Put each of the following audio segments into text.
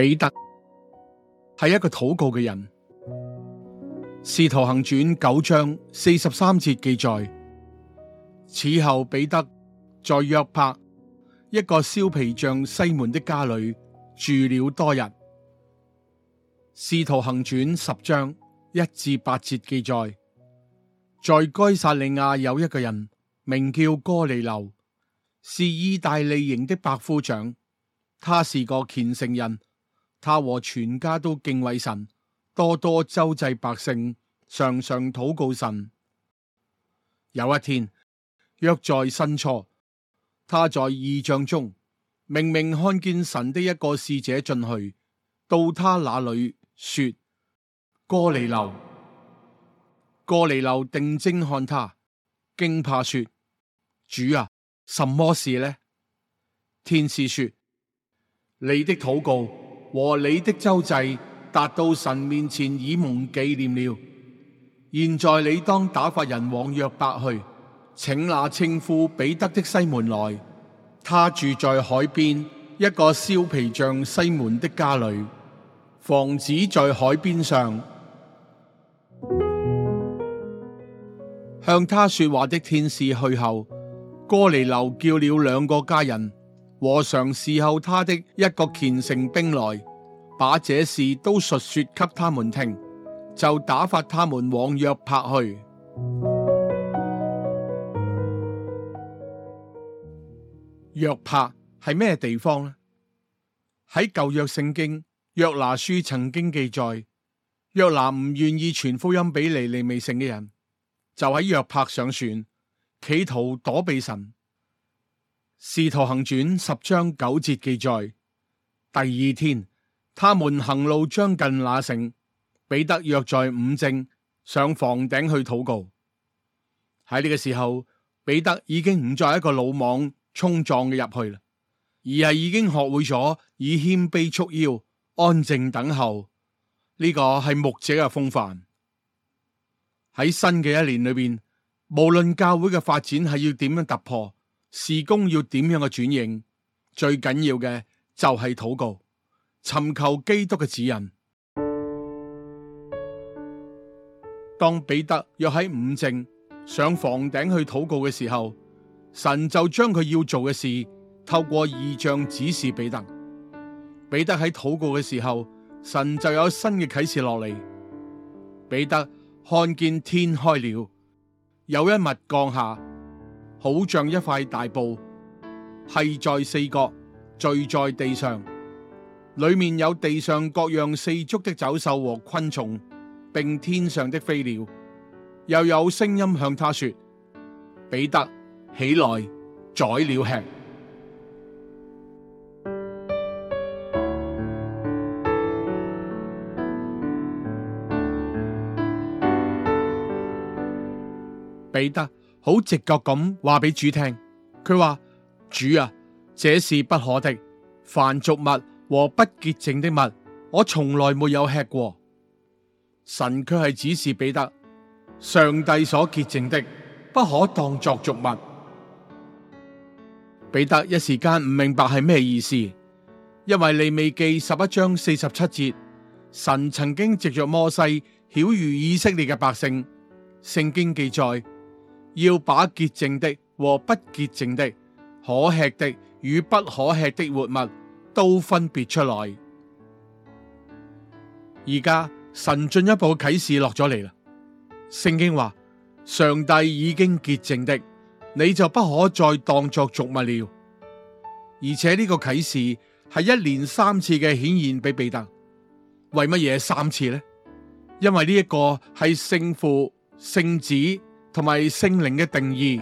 彼得係一個禱告嘅人。使徒行傳九章四十三節記載：此後彼得在約帕一個燒皮匠西門的家裏住了多日。使徒行傳十章一至八節記載：在該撒利亞有一個人名叫哥尼流，是意大利營的百夫長，他是個虔誠人。他和全家都敬畏神，多多周濟百姓，常常禱告神。有一天，約在申初，他在異象中，明明看見神的一個使者進去，到他那裡說：哥尼流，哥尼流，定睛看他，驚怕說：主啊，什麼事呢？天使說：你的禱告。和你的周濟達到神面前已蒙紀念了。現在你當打發人往約伯去，請那稱呼彼得的西門來，他住在海邊一個燒皮匠西門的家裏，房子在海邊上。 向他說話的天使去後，哥尼流叫了兩個家人。和常伺候他的一個虔誠兵來，把這事都述說給他們聽，就打發他們往約帕去。約帕係咩地方呢？喺舊約聖經約拿書曾經記載，約拿唔願意傳福音俾尼尼微城嘅人，就喺約帕上船，企圖躲躲避神。使徒行傳十章九節記載：第二天，他們行路將近那城，彼得約在午正上房頂去禱告。喺呢個時候，彼得已經唔再一個魯莽衝撞嘅入去啦，而係已經學會咗以謙卑束腰、安靜等候。呢、這個係牧者嘅風範。喺新嘅一年裏邊，無論教會嘅發展係要點樣突破，事工要點樣嘅轉型？最緊要嘅就係禱告，尋求基督嘅指引。當彼得約喺午正上房頂去禱告嘅時候，神就將佢要做嘅事透過異象指示彼得。彼得喺禱告嘅時候，神就有新嘅啟示落嚟。彼得看見天開了，有一物降下。好像一塊大布，繫在四角，聚在地上，裏面有地上各樣四足的走獸和昆蟲，並天上的飛鳥，又有聲音向他說：彼得，起來宰了吃。彼得。好直覺咁話俾主聽，佢話，主啊，這是不可的，凡俗物和不潔淨的物，我從來沒有吃過。神卻係指示彼得，上帝所潔淨的，不可當作俗物。彼得一時間唔明白係咩意思，因為利未記十一章四十七節，神曾經藉着摩西曉諭以色列嘅百姓，聖經記載。要把潔淨的和不潔淨的，可吃的與不可吃的活物都分別出來。而家神進一步啟示落咗嚟啦。聖經話，上帝已經潔淨的，你就不可再當作俗物了。而且呢個啟示係一連三次嘅顯現俾彼得。為乜嘢三次呢？因為呢一個係聖父、聖子。同埋聖靈嘅定義，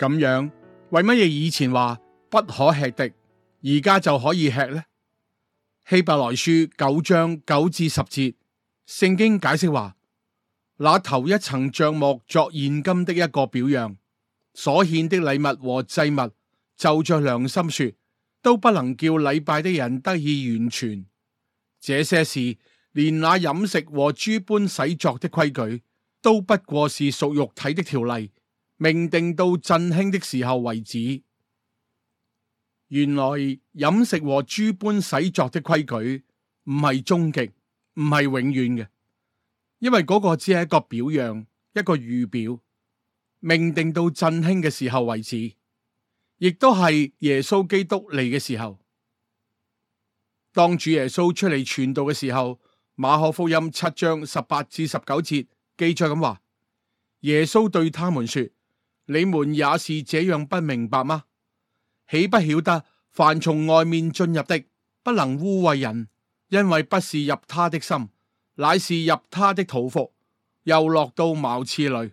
咁樣為乜嘢？以前話「不可吃的」，而家就可以吃呢？希伯來書九章九至十節，聖經解釋話，那頭一層帳幕作現今的一個表樣，所獻的禮物和祭物，就着良心說都不能叫禮拜的人得以完全，這些事。連那飲食和諸般洗作的規矩都不過是屬肉體的條例，命定到振興的時候為止。原來飲食和諸般洗作的規矩唔係終極，唔係永遠嘅，因為嗰個只係一個表樣，一個預表，命定到振興嘅時候為止，亦都係耶穌基督嚟嘅時候，當主耶穌出嚟傳道嘅時候。馬可福音七章十八至十九節記載咁話：耶穌對他們說：你們也是這樣不明白嗎？豈不曉得凡從外面進入的，不能污穢人，因為不是入他的心，乃是入他的肚腹，又落到茅廁裏。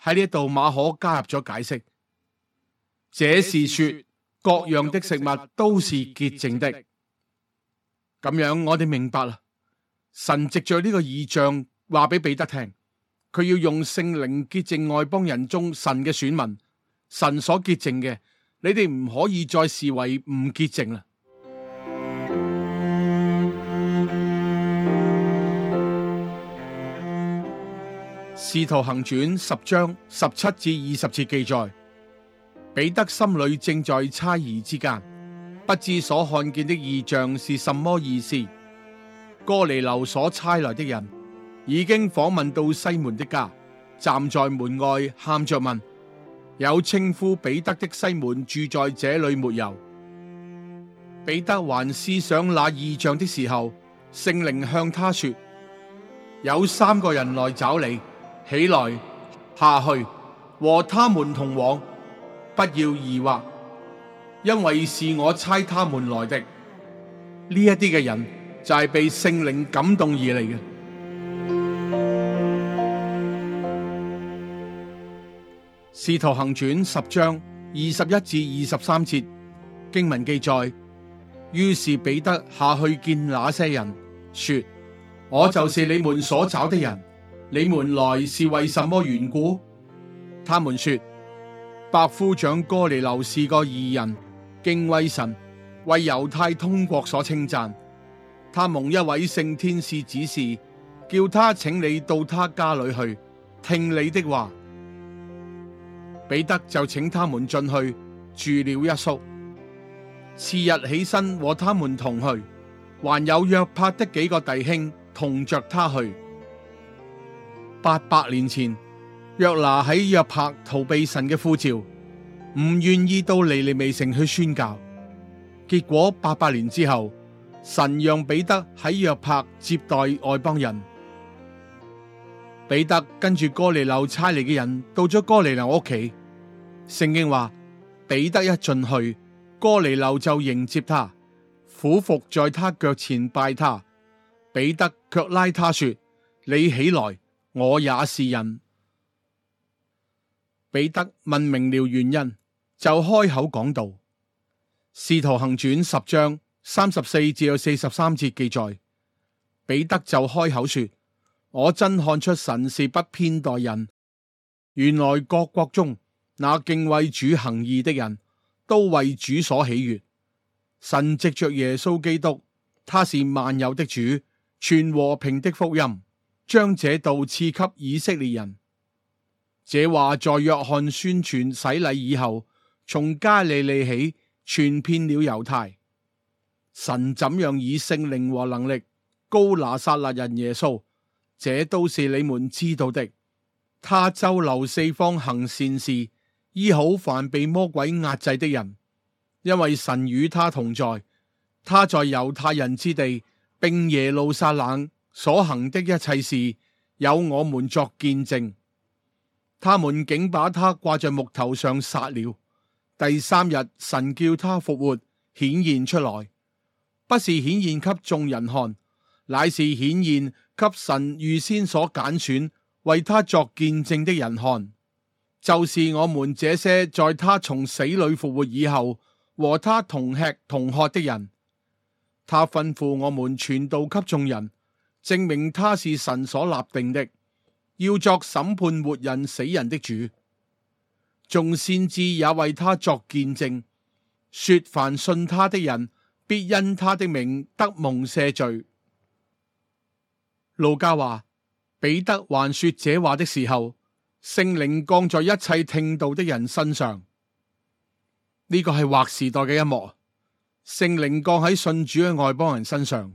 喺呢度，馬可加入咗解釋：這是說各樣的食物都是潔淨的。咁樣，我哋明白啦。神藉着呢個異象話俾彼得聽，佢要用聖靈潔淨外邦人中神嘅選民，神所潔淨嘅，你哋唔可以再視為唔潔淨啦。 使徒行傳十章十七至二十節記載，彼得心裏正在猜疑之間。不知所看見的異象是什麼意思？哥尼流所差來的人已經訪問到西門的家，站在門外喊着問：有稱呼彼得的西門住在這裏沒有？彼得還思想那異象的時候，聖靈向他說：有三個人來找你，起來下去和他們同往，不要疑惑。因為是我差他們來的，呢一啲嘅人就係被聖靈感動而嚟嘅。 使徒行傳十章二十一至二十三節經文記載：於是彼得下去見那些人，說：我就是你們所找的人，你們來是為什麼緣故？他們說：百夫長哥尼流是個義人。敬畏神，為猶太通國所稱讚。他蒙一位聖天使指示，叫他請你到他家裏去，聽你的話。彼得就請他們進去住了一宿。次日起身和他們同去，還有約帕的幾個弟兄同着他去。八百年前，約拿喺約帕逃避神嘅呼召。唔願意到尼尼微城去宣教，結果八百年之後，神讓彼得喺約帕接待外邦人。彼得跟住哥尼流差嚟嘅人到咗哥尼流屋企，聖經話彼得一進去，哥尼流就迎接他，俯伏在他腳前拜他。彼得卻拉他說：你起來，我也是人。彼得問明了原因。就開口講道，《使徒行傳》十章三十四至四十三節記載，彼得就開口說：我真看出神是不偏待人。原來各國中那敬畏主行義的人都為主所喜悅。神藉着耶穌基督，他是萬有的主，全和平的福音，將這道賜給以色列人。這話在約翰宣傳洗禮以後。從加利利起，傳遍了猶太。神怎樣以聖靈和能力膏拿撒勒人耶穌，這都是你們知道的。他周流四方行善事，醫好凡被魔鬼壓制的人，因為神與他同在。他在猶太人之地，並耶路撒冷所行的一切事，有我們作見證。他們竟把他掛在木頭上殺了。第三日，神叫他復活，顯現出來，不是顯現給眾人看，乃是顯現給神預先所揀選為他作見證的人看，就是我們這些在他從死裏復活以後和他同吃同喝的人。他吩咐我們傳道給眾人，證明他是神所立定的，要作審判活人死人的主。仲先知也為他作見證，說凡信他的人必因他的名得蒙赦罪。路加話彼得還說這話的時候，聖靈降在一切聽道的人身上。呢、這個係劃時代嘅一幕，聖靈降喺信主嘅外邦人身上。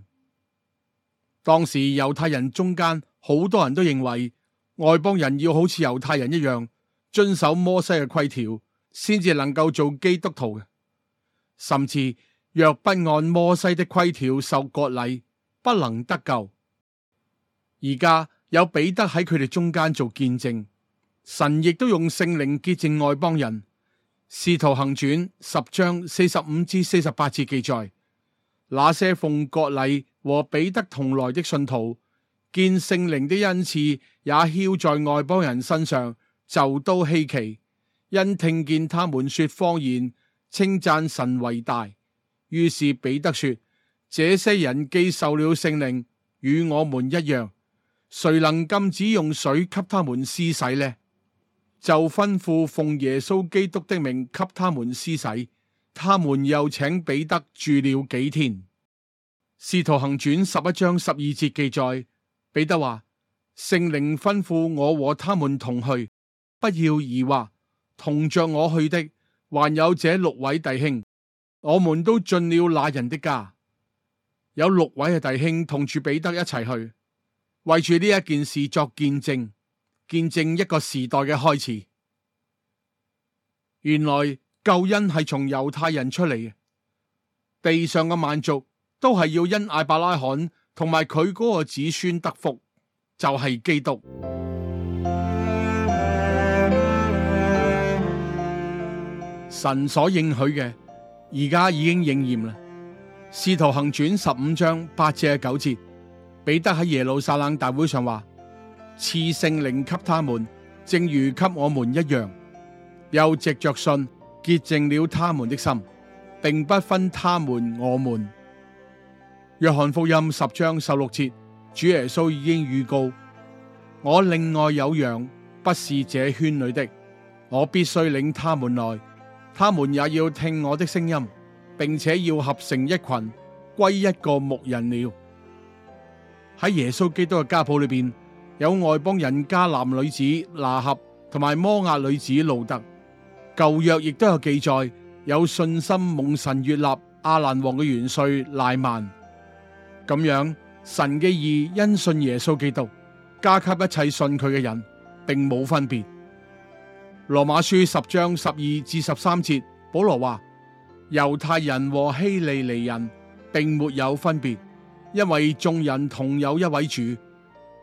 當時猶太人中間好多人都認為外邦人要好似猶太人一樣遵守摩西嘅規條，先至能夠做基督徒。甚至若不按摩西的規條受割禮，不能得救。而家有彼得喺佢哋中間做見證，神亦都用聖靈潔淨外邦人。使徒行傳十章四十五至四十八節記載，那些奉割禮和彼得同來的信徒，見聖靈的恩賜也澆在外邦人身上。就都稀奇，因聽見他們說方言，稱讚神為大。於是彼得說：這些人既受了聖靈，與我們一樣，誰能禁止用水給他們施洗呢？就吩咐奉耶穌基督的名給他們施洗。他們又請彼得住了幾天。使徒行傳十一章十二節記載，彼得話：聖靈吩咐我和他們同去。不要疑惑，同着我去的還有這六位弟兄，我們都進了那人的家。有六位嘅弟兄同住彼得一齊去，為住呢一件事作見證，見證一個時代嘅開始。原來救恩係從猶太人出嚟嘅，地上嘅萬族都係要因亞伯拉罕同埋佢嗰個子孫得福，就係基督。神所應許嘅，而家已經應驗啦。《使徒行傳》十五章八至九節，彼得喺耶路撒冷大會上話，賜聖靈給他們，正如給我們一樣。又藉着信潔淨了他們的心，並不分他們我們。約翰福音十章十六節，主耶穌已經預告，我另外有羊，不是這圈裏的，我必須領他們來。他們也要聽我的聲音，並且要合成一群，歸一個牧人了。喺耶穌基督嘅家譜裏邊，有外邦人迦南女子拿合同埋摩押女子路得。舊約亦都有記載，有信心蒙神悅納阿蘭王嘅元帥乃縵。咁樣，神嘅義因信耶穌基督，加給一切信佢嘅人，並冇分別。羅馬書十章十二至十三節，保羅話：猶太人和希利尼人並沒有分別，因為眾人同有一位主，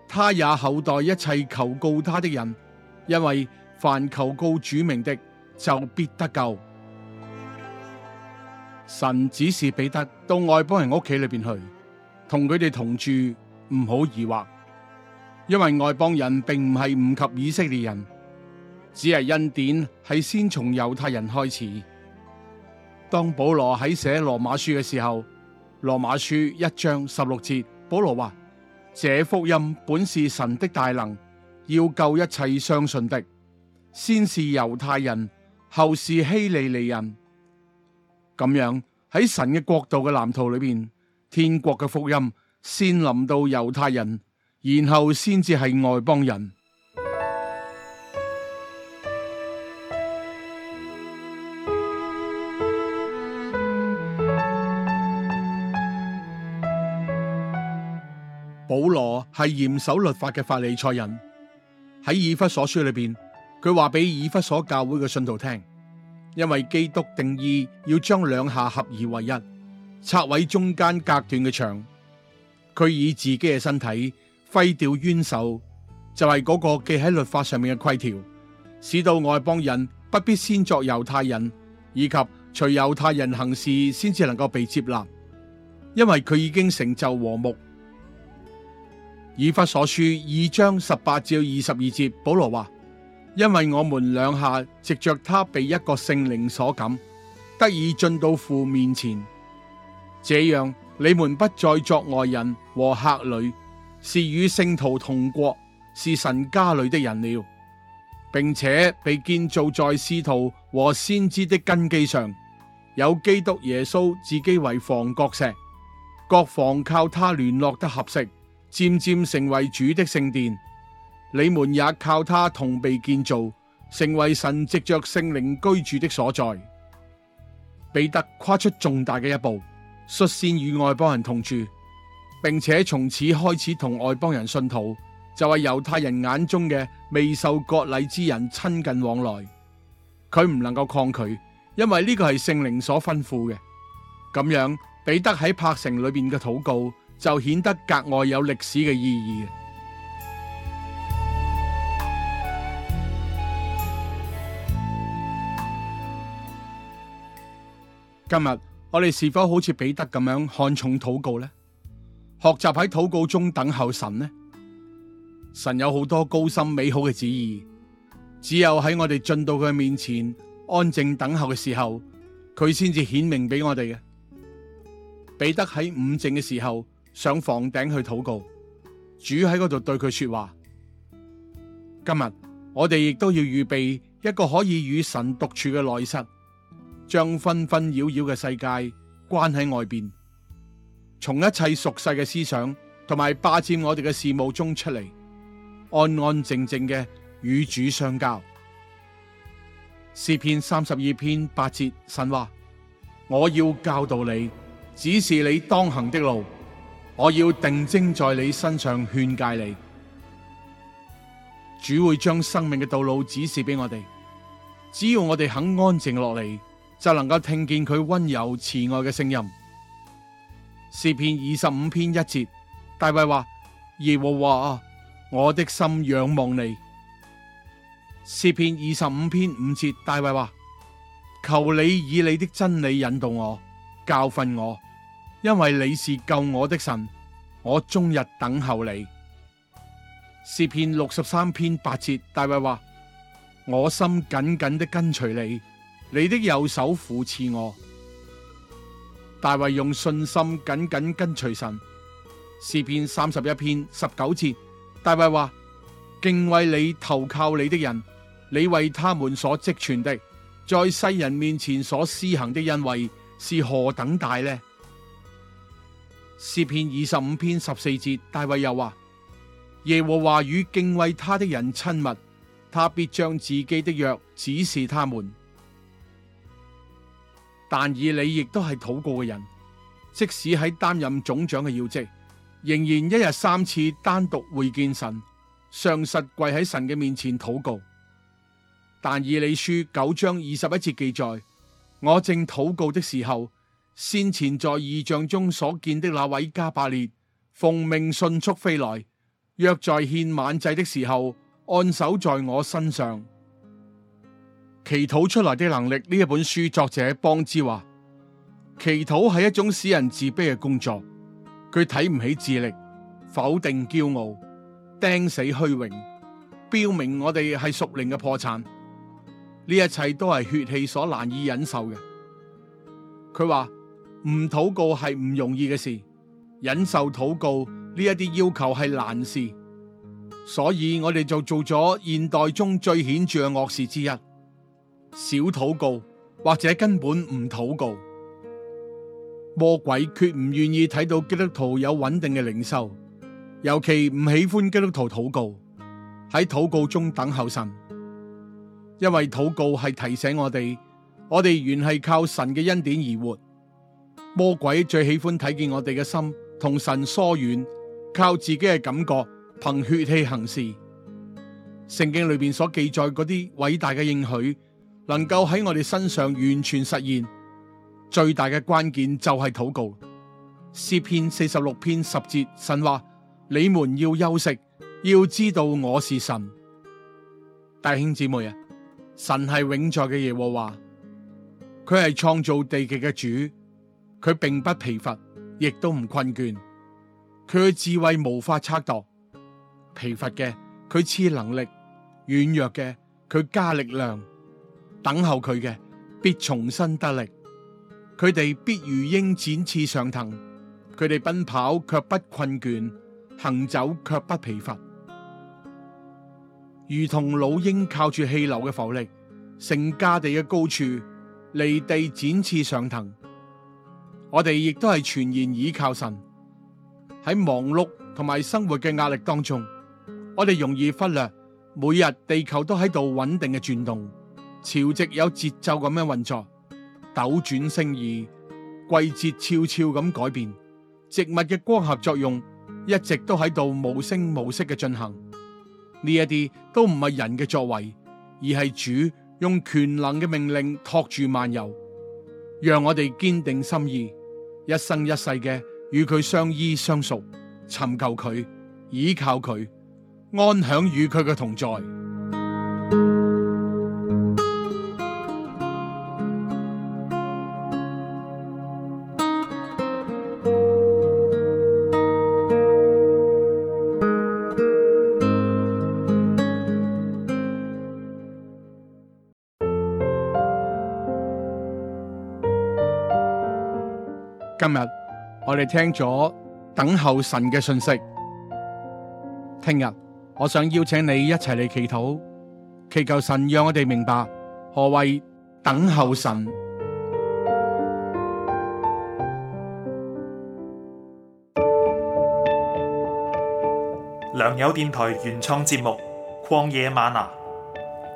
他也厚待一切求告他的人，因為凡求告主名的，就必得救。神指示彼得到外邦人屋企裏邊去，同佢哋同住，唔好疑惑，因為外邦人並唔係唔及以色列人。只係恩典係先從猶太人開始。當保羅喺寫羅馬書嘅時候，羅馬書一章十六節，保羅話：「這福音本是神的大能，要救一切相信的。先是猶太人，後是希利尼人。咁樣喺神嘅國度嘅藍圖裏邊，天國嘅福音先臨到猶太人，然後先至係外邦人。係嚴守律法嘅法利賽人，喺以弗所書裏邊，佢話俾以弗所教會嘅信徒聽，因為基督定義要將兩下合而為一，拆毀中間隔斷嘅牆。佢以自己嘅身體揮掉冤仇，就係、是、嗰個記喺律法上面嘅規條，使到外邦人不必先作猶太人，以及隨猶太人行事先至能夠被接納，因為佢已經成就和睦。以弗所書二章十八至二十二節，保羅話：因為我們兩下藉着他被一個聖靈所感，得以進到父面前，這樣你們不再作外人和客旅，是與聖徒同國，是神家裏的人了，並且被建造在使徒和先知的根基上，有基督耶穌自己為房角石，各房靠他聯絡得合適，漸漸成為主的聖殿，你們也靠他同被建造，成為神藉着聖靈居住的所在。彼得跨出重大嘅一步，率先與外邦人同住，並且從此開始同外邦人信徒就係、是、猶太人眼中嘅未受割禮之人親近往來。佢唔能夠抗拒，因為呢個係聖靈所吩咐嘅。咁樣，彼得喺柏城裏邊嘅禱告，就顯得格外有歷史嘅意義。今日我哋是否好似彼得咁樣看重禱告呢？學習喺禱告中等候神呢？神有好多高深美好嘅旨意，只有喺我哋進到佢面前安靜等候嘅時候，佢先至顯明俾我哋嘅。彼得喺午正嘅時候。上房頂去禱告，主喺嗰度對佢說話。今日我哋亦都要預備一個可以與神獨處嘅內室，將紛紛擾擾嘅世界關喺外邊，從一切俗世嘅思想同埋霸占我哋嘅事務中出嚟，安安靜靜嘅與主相交。詩篇三十二篇八節，神話：我要教導你，指示你當行的路。我要定睛在你身上勸誡你，主會將生命嘅道路指示俾我哋。只要我哋肯安靜落嚟，就能夠聽見佢温柔慈愛嘅聲音。詩篇二十五篇一節，大衛話：耶和華啊，我的心仰望你。詩篇二十五篇五節，大衛話：求你以你的真理引導我，教訓我。因為你是救我的神，我終日等候你。詩篇六十三篇八節，大衛話：我心緊緊的跟隨你，你的右手扶持我。大衛用信心緊緊跟隨神。詩篇三十一篇十九節，大衛話：敬畏你投靠你的人，你為他們所積存的，在世人面前所施行的恩惠是何等大呢？詩篇二十五篇十四節，大衛又話：耶和華與敬畏他的人親密，他必將自己的約指示他們。但以理亦都係禱告嘅人，即使喺擔任總長嘅要職，仍然一日三次單獨會見神，雙膝跪喺神嘅面前禱告。但以理書九章二十一節記載：我正禱告的時候。先前在異象中所見的那位加百列，奉命迅速飛來，若在獻晚祭的時候，按手在我身上。祈禱出來的能力呢一本書作者邦之華，祈禱係一種使人自卑嘅工作，佢睇唔起智力，否定驕傲，釘死虛榮，標明我哋係屬靈嘅破產，呢一切都係血氣所難以忍受嘅。佢話。唔禱告係唔容易嘅事，忍受禱告呢一啲要求係難事，所以我哋就做咗現代中最顯著嘅惡事之一，少禱告或者根本唔禱告。魔鬼決唔願意睇到基督徒有穩定嘅靈修，尤其唔喜歡基督徒禱告，喺禱告中等候神，因為禱告係提醒我哋，我哋原係靠神嘅恩典而活。魔鬼最喜歡睇見我哋嘅心同神疏遠，靠自己嘅感覺，憑血氣行事。聖經裏邊所記載嗰啲偉大嘅應許，能夠喺我哋身上完全實現。最大嘅關鍵就係禱告。詩篇四十六篇十節，神話：你們要休息，要知道我是神。弟兄姊妹啊，神係永在嘅耶和華，佢係創造地極嘅主。佢並不疲乏，亦都唔困倦。佢嘅智慧無法測度，疲乏嘅佢賜能力，軟弱嘅佢加力量。等候佢嘅必重新得力，佢哋必如鷹展翅上騰。佢哋奔跑卻不困倦，行走卻不疲乏，如同老鷹靠住氣流嘅浮力，乘駕地嘅高處，離地展翅上騰。我哋亦都係全然倚靠神。喺忙碌同埋生活嘅壓力當中，我哋容易忽略每日地球都喺度穩定嘅轉動，潮汐有節奏咁樣運作，斗轉星移，季節悄悄咁改變，植物嘅光合作用一直都喺度無聲無息嘅進行，呢一啲都唔係人嘅作為，而係主用權能嘅命令托住萬有，讓我哋堅定心意。一生一世嘅與佢相依相屬，尋求佢，倚靠佢，安享與佢嘅同在。你哋聽咗等候神嘅信息，聽日我想邀請你一齊嚟祈禱，祈求神讓我哋明白何謂等候神。良友電台原創節目《曠野嗎哪》，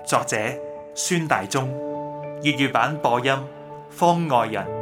作者孫大中，粵語版播音方外人。